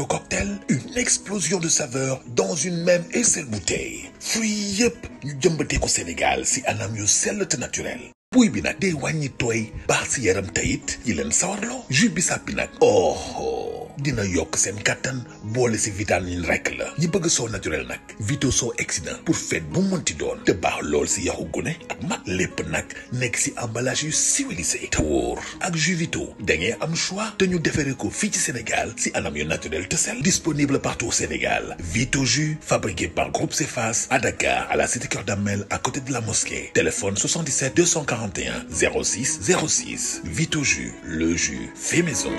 Cocktail, une explosion de saveurs dans une même et seule bouteille Fuyep, yep, sommes ñu jëmbatee ko Sénégal si anam yo sell naturel buy bi nag day wàññi tooy baax si yaram tayit yi bi pinac. oh. oh dina yok sen katan bolé si vitamine rek la ñi bëgg so naturel nak vito soo accident pour fête bu monti doon te baax lool si yaxu gune ak mag lépp nak si emballage yu civilisé Tour. ak jus vito da am choix te ñu déféré ko ci Sénégal si anam yu naturel te sel disponible partout au Sénégal vito jus fabriqué par Groupe Cefas à Dakar à la cité cœur Damel à côté de la mosquée téléphone 77 241 06 06 vito jus le jus fait maison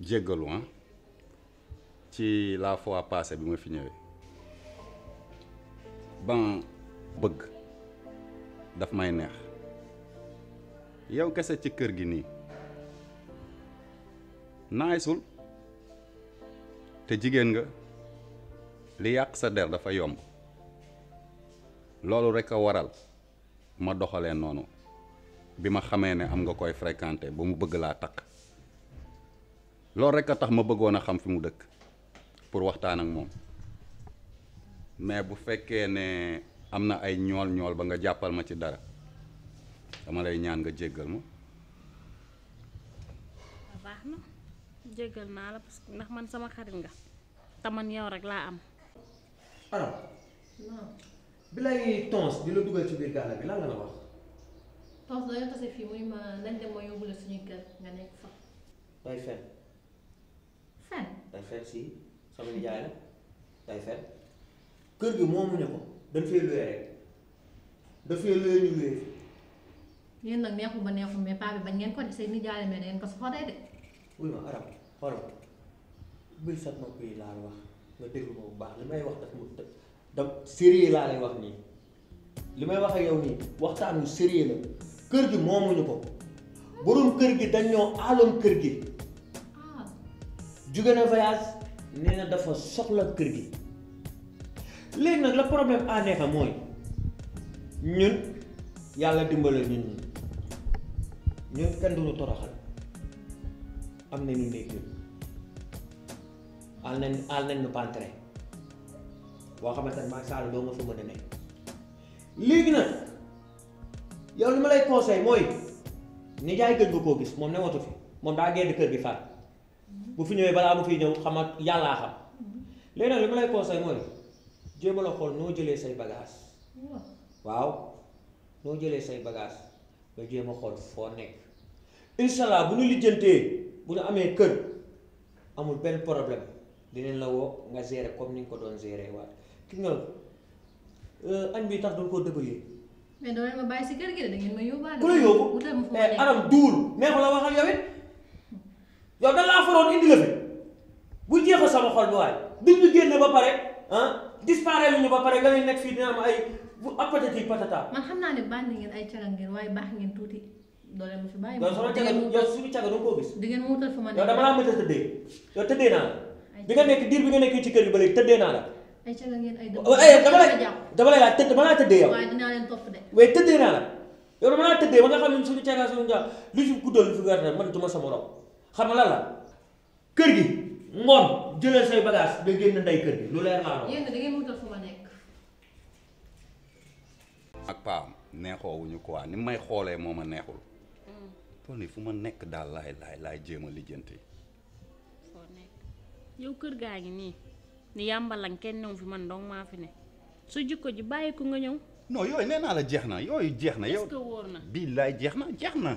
jéggalu ah ci la fois passé bi mo fi ñëwé ban bëgg daf may neex yow kessé ci kër gi ni naaysul té jigen nga li yaq sa der dafa yomb lolu rek waral ma doxale nonu Bima xamé né ne am nga koy fréquenté bu mu bëgg la tak loolu rek tax ma bëggoon a xam fi mu dëkk pour waxtaan ak moom mais bu fekkee ne am na ay ñool ñool ba nga jàppal ma ci dara dama lay ñaan nga jéggal ma ah, baax na jéggal naa la parce que ndax man sama xarit nga te man yow rek laa am aram bi lay tons di la dugal ci biir gaal bi lan la la wax tons dañu tase fii muy ma nañ dem ma yóbbu suñu kër nga nekk fa bay day fen si sama nijaay la day fen kër gi moomu ne ko dañ fee luwee rek dafee luwee ñu luwee yéen nag neexu ba neexu mais paa bi bañ ngeen ko di say nijaay mais ngeen ko su xodee de wuy ma arab xoolal nga déglu ma bu baax li may wax daf mu daf sérieux laa lay wax nii li may wax yow nii waxtaanu sérieux la kër gi moomuñu ko borom kër gi dañ ñoo kër gi jóge na voyage nee na dafa soxla kër gi léegi nag la problème à nekk mooy ñun yàlla dimbale ñun ñun kenn du toroxal am na néeg ñun àll nañ àll nañ ñu pantre boo xamante ne macha allah doo nga fa mën a ne léegi nag yow li ma lay conseil mooy ni jaay gëj nga koo gis moom ne watu fi moom daa génn kër gi faat bu fi ñëwee balaa mu fiy ñëw xam ak yàllaa xam léegi nag li ma lay conseil mooy jéem a xool noo jëlee say bagage waaw noo jëlee say bagage nga jéem a xool foo nekk incha bu ñu lijjantee bu ñu amee kër amul benn problème dinañ la woo nga gérer comme ni nga ko doon gérer waat ki nga euh, añ bi tax duñ koo dëbëyee. mais ku la yóbbu anam duul neexu la waxal yow yow da laa faroon la bu jeexal sama xol ba waay duñ ñu ba pare ah disparaît lu ñu ba pare nga ne nekk am ay xam naa ne bànn ngeen tuuti doo leen ma fi bàyyi. yow sama caga yow ma nekk yow dama laa mën a tëddee yow tëddee naa la bi nekk diir bi nga nekk ci kër gi ba léegi tëddee naa la. ay caga ngeen ay dama lay dama lay laaj tëdd dama laa tëddee yow. la tëddee ba nga xam ne suñu caga suñu njaam lu ci guddal lu fi weer man du ma sa morom xam nga la kër gi ngoon jëlee say bagage nga génn ndey kër gi lu leer laa wax. yéen da ngeen fu ma nekk. ak paam neexoowuñu quoi ni may xoolee moo ma neexul. tool fu ma nekk daal laay laay laay jéem a lijjanti. yow kër gaa ngi nii ni yàmbalan kenn ñëw fi man dong maa fi ne su jikko ji bàyyi ko nga ñëw. non yooyu nee naa la jeex na yooyu jeex na. yow est-ce na bii laay jeex na jeex na.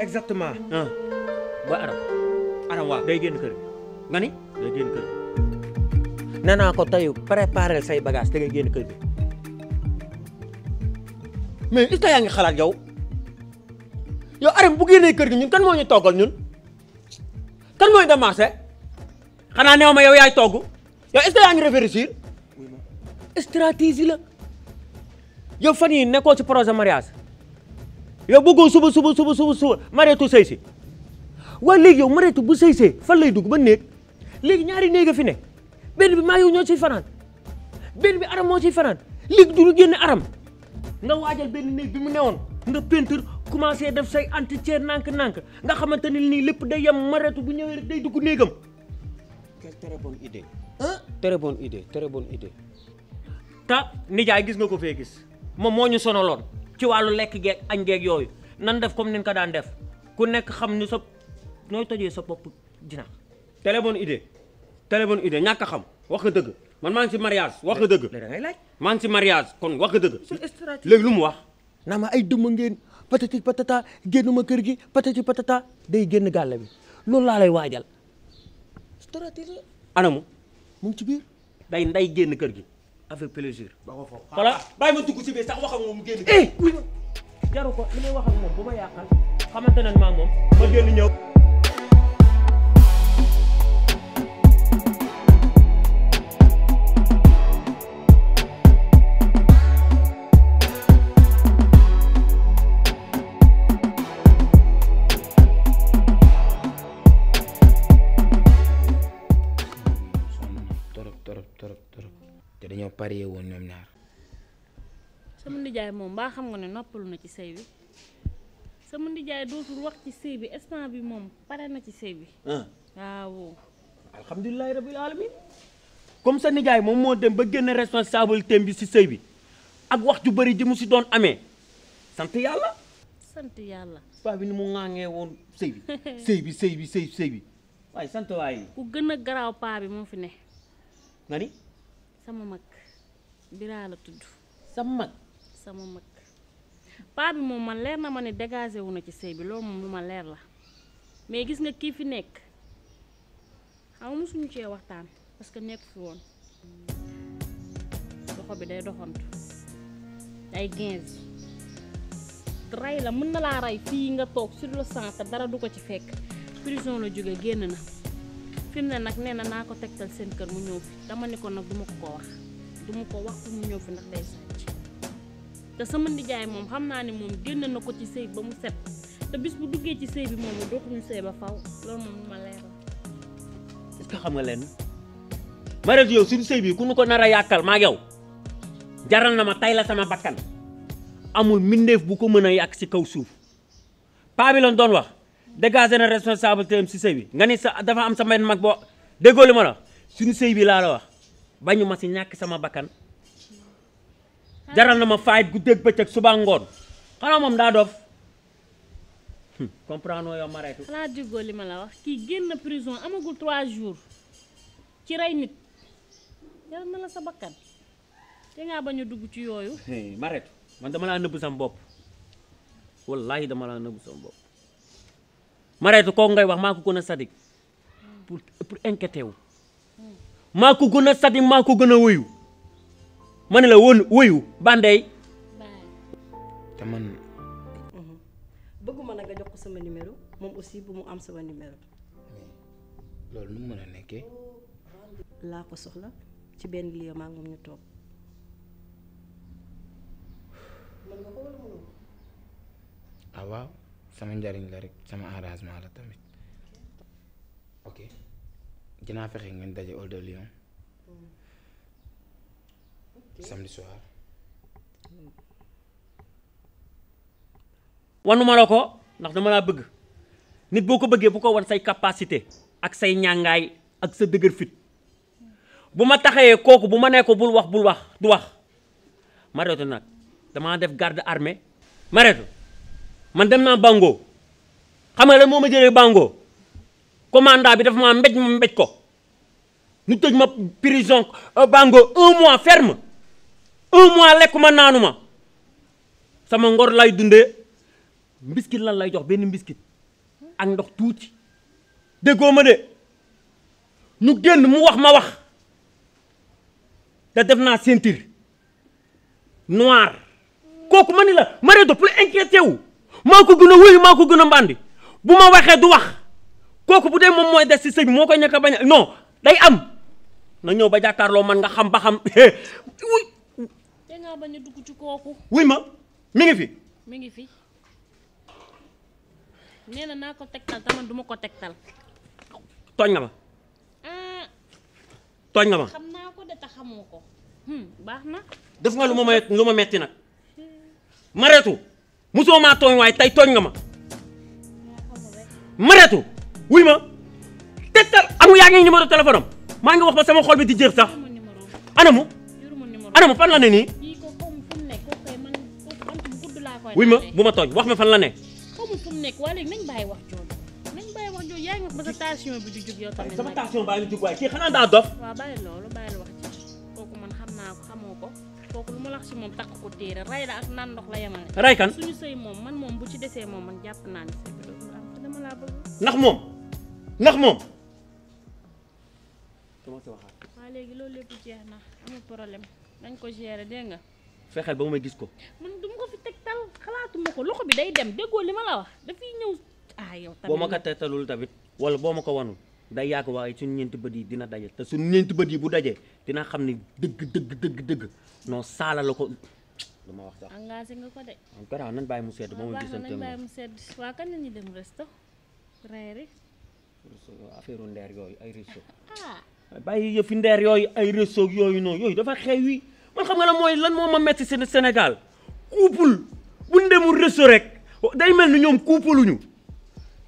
exactement. Ah. booy aram aram waaw day génn kër gi nga ni day génn kër gi nee naa ko tey préparel say bagage te ngay génn kër gi mais est yaa ngi xalaat yow yow aram bu génnee kër gi ñun kan moo ñu toggal ñun kan mooy demancé xanaa neew ma yow yaay togg yow est yaa ngi réfléchir stratégie la yow fan yi nekkoo ci projet mariage yow bëggoo suba suba suba suba suba mareetu sëy si waaye léegi yow mareetu bu sëy see fan lay dugg ba néeg léegi ñaari néeg a fi ne benn bi maa yow ñoo ciy fanaan benn bi aram moo ciy fanaan léeg du ñu génn aram nga waajal benn néeg bi mu woon nga peinture commencé def say entretien nànk-nànk nga xamante ne nii lépp day yem mareetu bu ñëwee rek day dugg néegam. très bonne idée. ah très bonne idée très nijaay gis nga ko fee gis moom moo ñu sonaloon. ci wàllu lekk geeg añ geeg yooyu nan def comme ni ko daan def ku nekk xam ni sa nooy tojee sa bopp jinax téléphone idée téléphone idée ñàkk a xam wax nga dëgg man maa ngi si mariage wax nga dëgg da ngay maa ngi si mariage kon wax nga dëgg léegi lu mu wax naa ma ay dumm ngeen patati patata génn ma kër gi patati patata day génn gàlle bi loolu laa lay waajal stratégie anamu mu ngi ci biir day nday génn kër gi avec plaisir. voilà Bye ma dugg ci sax wax ndijaay moom baa xam nga ne noppalu na ci sëy bi sama ndijaay dootul wax ci sëy bi instant bi moom pare na ci sëy bi ah. waaw alhamdulilahi rabil alamin moom moo dem ba génn responsabilité bi ci sëy bi ak wax ju bëri ji ci doon amee sant yàlla yàlla paa bi bi sëy bi sëy bi waaye sant waaye ku gën a garaaw paa bi moo fi ne nga ni sama mag biraa la tudd sama mag sama mag paa bi moom man leer na ma ne dégagé wu na ci sëy bi loolu moom lu ma leer la mais gis nga kii fi nekk xam ma suñu cee waxtaan parce que nekk fi woon loxo bi day doxantu day ginze rey la mën na laa rey fii nga toog sur le sang te dara du ko ci fekk prison la jóge génn na fi mu ne nag nee na naa ko tegtal seen kër mu ñëw fi dama ne ko nag ma ko ko wax ma ko wax fi mu ñëw fi ndax day sàcc te sama nijaay moom xam naa ne moom génn na ko ci sëy ba mu set te bis bu duggee ci sëy bi moom dootuñu nga leen Marietou yow suñu ku nu ko nar a yàkkal maa yow jaral na ma tay la sama bakkan amul mbindeef bu ko mën a yàq ci kaw suuf paa bi lañ doon wax dégager na responsabilité am ci sëy bi nga ni sa dafa am sama mag boo déggoo li ma la suñu sëy bi laa la wax bañu ma ci ñàkk sama bakkan. jaral na ma faayit gu dégg bëccëg suba ngoon xanaa moom daa dof hmm, comprendre yow li ma la wax kii génn prison amagul trois jours ci rey nit jaral na la sa bakkan te ngaa bañ dugg ci yooyu. Marietou man dama laa nëbb sam bopp wallaahi dama laa nëbb sam bopp Marietou kooku ngay wax maa ko gën a sadik pour pour inquiéter hmm. maa ko gën a sadik maa ko gën a wéyu. ma la won wuyu Bandey. te man. bëgguma nga jox ko sama numéro mom aussi bu mu am sama numéro. loolu nu mu mën la ko soxla ci ben lieu ma ngi ñu toog. man nga ko wala mënoo ko. sama ndariñ la rek sama arrangement la tamit. ok dina fexé ngeen daje Lion. Lyon samedi soir wanu la ko ndax dama la bëgg nit boko ko bu ko wan say capacité ak say ñangaay ak sa dëgeur fit buma taxé koku buma bu ko bul wax bul wax du wax mareetu nak dama def garde armée mareetu man dem na bango xam nga lan moo bango commandant bi dafa ma mbéj ma mbéj ko nu tëj ma prison eh, bango un mois ferme un mois ma nanuma sama ngor lay dundé mbiskit lan lay jox ben mbiskit ak ndox tuuti de goma de ñu genn mu wax ma wax da def na ceinture noir koku manila Mari la Marie Diof plus inquiété wu mako gëna wuy mako wuyu mbandi bu waxé du wax koku budé mom moy dess ci sëñ bi bañ non day am na ñëw ba jakarlo man nga xam ba xam ngaa bañ a dugg ci kooku. wuy ma mi ngi fi. mi ngi fi nee na naa ko tegtal ma ko tegtal. tooñ nga ma. Ah. tooñ nga ma xam ko de te xamoo ko. Hmm, baax def nga lu ma may lu ma metti nag. maretu musoo maa tooñ waaye tey tooñ nga ma. maretu wuy ma amu numéro téléphone wax ba sama xol bi di sax. anamu anamu fan la ne wuy ma bu ma tooñ wax ma fan la ne. xamul fu mu nekk waaye léegi nañ bàyyi wax jooju nañ bàyyi wax jooju yaa ngi wax ba sa tension bi di jug yow tamit. sama tension baa ngi jug waaye kii xanaa daa dof. waaw bàyyi loolu bàyyi la wax ci kooku man xam naa ko xamoo ko kooku lu ma la wax si moom takk ko téere ray la ak naan ndox la yemale. ray kan suñu sëy moom man moom bu ci desee moom man jàpp naa ne sëy bi dootul am ndax moom ndax moom. waaw léegi loolu lépp na amul dañ ko gérer dégg nga fexeel ba ma gis ko. man du ma ko fi tegtal xalaatuma ko loxo bi day dem déggoo li ma la wax ah, boo ma ko tegtalul tamit wala boo ma ko wanul day yàgg waaye suñu ñeenti bët yi dina daje te suñu yi bu dajee dina xam ni dëgg dëgg dëgg dëgg non saala ko lu ma wax sax. engagé nga ko de. mu sedd ba ma gisante waaw bàyyi mu sedd waaw kan la yooyu ay resto. ah dafa xew man xam nga la mooy lan moo ma metti si Sénégal couple bu ñu demul resto rek day mel ni ñoom couple luñu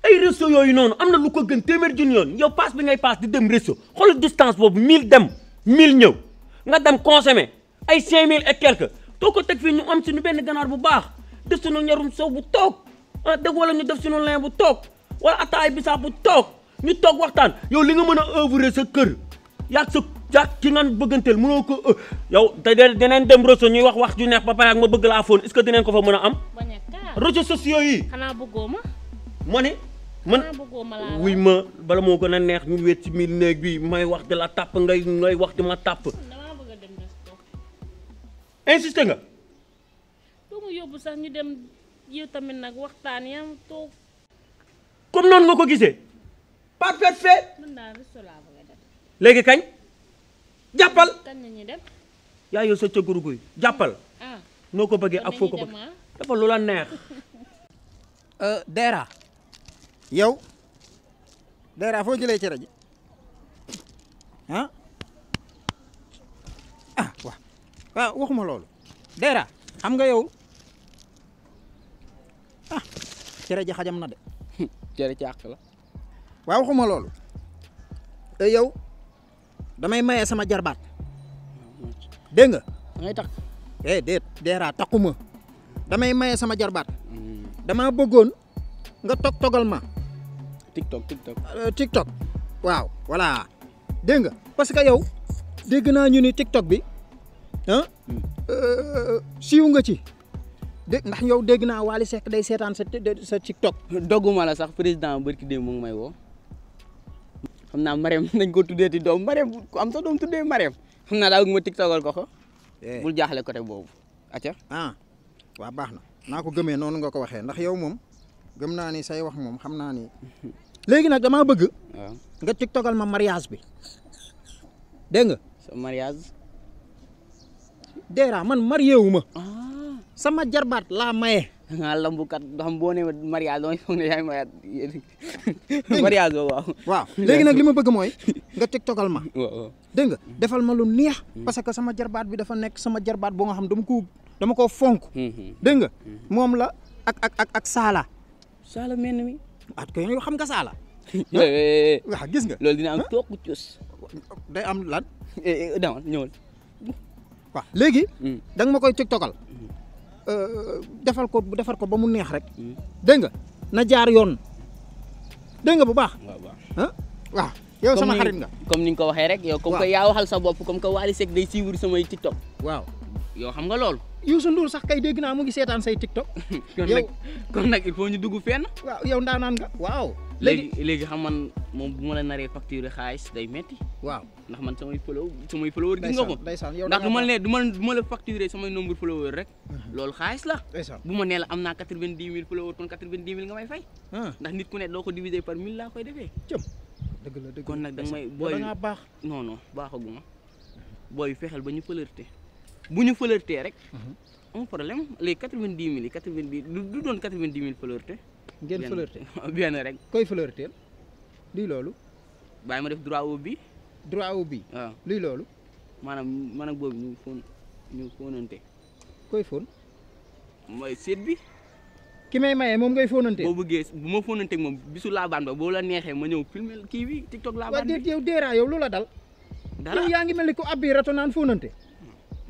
ay resto yooyu noonu am na lu ko gën téeméer junni yoon yow paas bi ngay paas di dem resto xool distance boobu 1000 dem 1000 ñëw nga dem consommer ay 5000 et quelque doo ko teg fii ñu am suñu benn ganaar bu baax def suñu ñarum sow bu toog ah walla ñu def suñu lin bu toog wala ataay bisaab bu toog ñu toog waxtaan yow li nga mën a œuvrer sa kër jak ki nan bëgganteel mëno ko euh, yow te deneen dem rosso ñuy wax wax ju neex ba pare ak ma bëgg la phone est ce que dinañ ko fa mëna am. rosso sociaux yi. xana bëggoma ma. ne man wuy ma bala moko na neex ñu wét ci mil neeg bi may wax de la tap ngay ngay wax di ma tap dama bëgg dem tàpp. insisté nga. do mu yobbu sax ñu dem yow tamit nak waxtaan yam to comme non nga ko gisee. parfait fait. man na la bëgg dem légui kañ. jàppal. yaa yow sa cëguru guy jàppal. Ah. Ah. noo ko bëggee ak foo ko bëgg ah. dafa lu la neex. Euh, Dera. yow Dera foo jëlee cere ji ah ah waaw waaw waxuma loolu Dera xam nga yow ah cere ji xajam na de. cere ci àq la. waaw waxuma loolu euh, yow. damay maye sama jarbaat dégg nga. da ngay takk eh déet deeraa takkuma damay maye sama jarbaat damaa bëggoon nga tog togal ma. tiktok tiktok euh, tiktok waaw voilà dégg nga parce que yow dégg naa ñu ni tiktok bi ah siiw nga ci dégg ndax yow dégg naa waal Seck day seetaan sa sa tiktok. dogguma la sax président barki démb mu ngi may woo. xam naa Marème nañ ko tuddee ti doom Marème ku am sa doom tuddee Marème xam naa daa bëgg ma tiktokal ko ko eh. bul jaaxle côté boobu acca ah waaw baax na naa ko gëmee noonu nga ko waxee ndax yow moom gëm naa ni say wax moom xam naa ni léegi nag damaa bëgg nga tiktokal ma mariage bi dégg nga sa mariage Dera man marié wu ma ah. sama jarbaat laa maye ngalam buka hambo ne mari ado ni fone yaay ma mari ado waaw waaw legui nak lima bëgg moy nga tiktok alma waaw deug nga defal ma lu sama jarbat, bi dafa nek sama jarbat bo nga xam dama ko dama ko fonk hmm, hmm. deug hmm. ak ak ak ak salah sala men mi at ko yo xam nga sala wax gis nga lol dina am tok ciuss day am lan eh udah, ñewal wa lagi, dang ma koy tiktokal Euh, defal ko defar ko ba mu neex rek hmm. de nga na jaar yoon de nga bu baax ah waaw yow sama xarit nga comme ni nga ko waxee rek yow comme ko ya waxal sa bop comme ko wali sek day siwur sama TikTok waaw yow xam nga lol loolu Youssou Ndour sax kay dégg naa mu ngi setan say TikTok kon nak kon nak il faut ñu dugg fenn waaw yow nda nan nga waaw léegi léegi xam man moom bu ma la naree facture xaalis day metti waaw ndax man samay follow samay follower gis nga ko ndax du ma ne du ma du ma la facturer samay nombre follower rek mhm. loolu xaalis la bu ma nee la am naa quatre vingt kon nga may fay ah. ndax nit ku ne doo ko diviser par mille laa koy defee dëgg la dëgg la kon nag da may booy da ngaa baax non non baaxaguma booy fexel ba ñu fëlërte bu ñu fëlërtee rek mhm. am problème les quatre vingt du doon quatre fëlërte ngeen flirté bien rek. koy flirté luy loolu. bàyyi ma def droit au bi. droit au bi. waaw luy loolu. maanaam man ak boobu ñu fóon ñu fóonante. koy fóon. mooy seet bi. ki may maye moom ngay fóonante. boo bëggee bu ma fóonante moom bisu laabaan ba boo la neexee ma ñëw filmé kii bi tiktok laabaan bi. waaw déet yow déeraa yow lu la dal. dara yaa ngi mel ni ku abbi rato naan fóonante.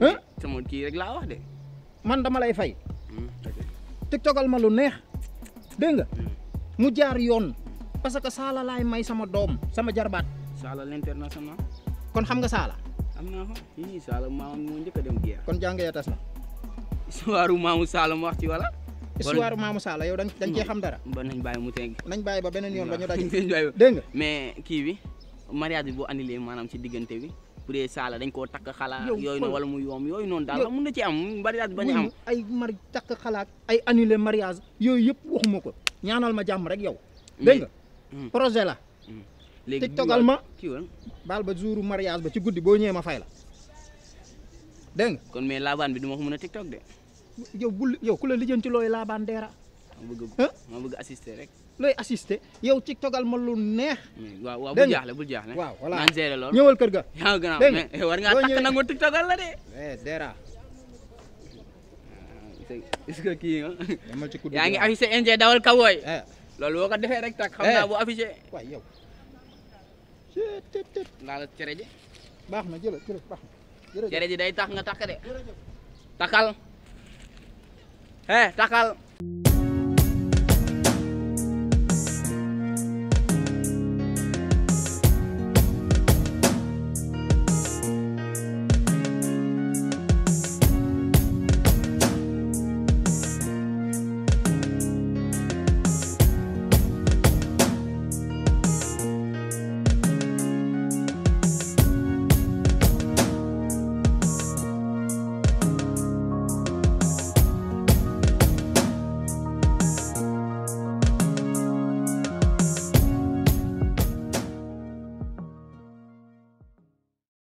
ah hmm. sama kii rek laa wax de. man dama lay fay. Hmm, tiktokal ma lu neex. dégg nga mu jaar yoon parce que saala laay may sama doom sama jarbaat. saala l'international. kon xam nga saala. am naa ko yii saala maamam moo njëkk a dem guerre. kon jàng ya tas na. histoire maamu saala mu wax ci wala. histoire maamu saala yow dañ dañ cee xam dara. ba nañ bàyyi mu teg. nañ bàyyi ba beneen yoon ba ñu daje. dégg nga mais kii bi mariage bi boo annulé maanaam ci diggante bi. bu dee saala dañ koo takk xalaat yooyu noonu wala mu yoom yooyu noonu daal mën na ci am mariage bañ ay mari takk xalaat ay annulé mariage yooyu yëpp waxuma ko ñaanal ma jàmm rek yow mm. dégg nga mm. projet la mm. léegi tiktogal ma baal ba jouru mariage ba ci guddi boo ñëwee ma fay la dégg nga kon mais laabaan bi du ma ko mën a tiktok de yow bul yow ku laabaan deera ma bëgg assister rek. looy assister yow ci togal ma lu neex. waaw waaw bu jaaxle bu jaaxle. waaw voilà naan seere lool ñëwal kër ga. dégg nga eh, war ngaa takk nangu tig togal la de. eh Dera. Ah, est ah? yaa ngi affiché NG dawal kawoy. Eh. loolu boo ko defee rek tak xam eh. naa bu affiché. waay yow. naa la cere ji. na jërëjëf ji day tax nga takk de. takal. eh takal.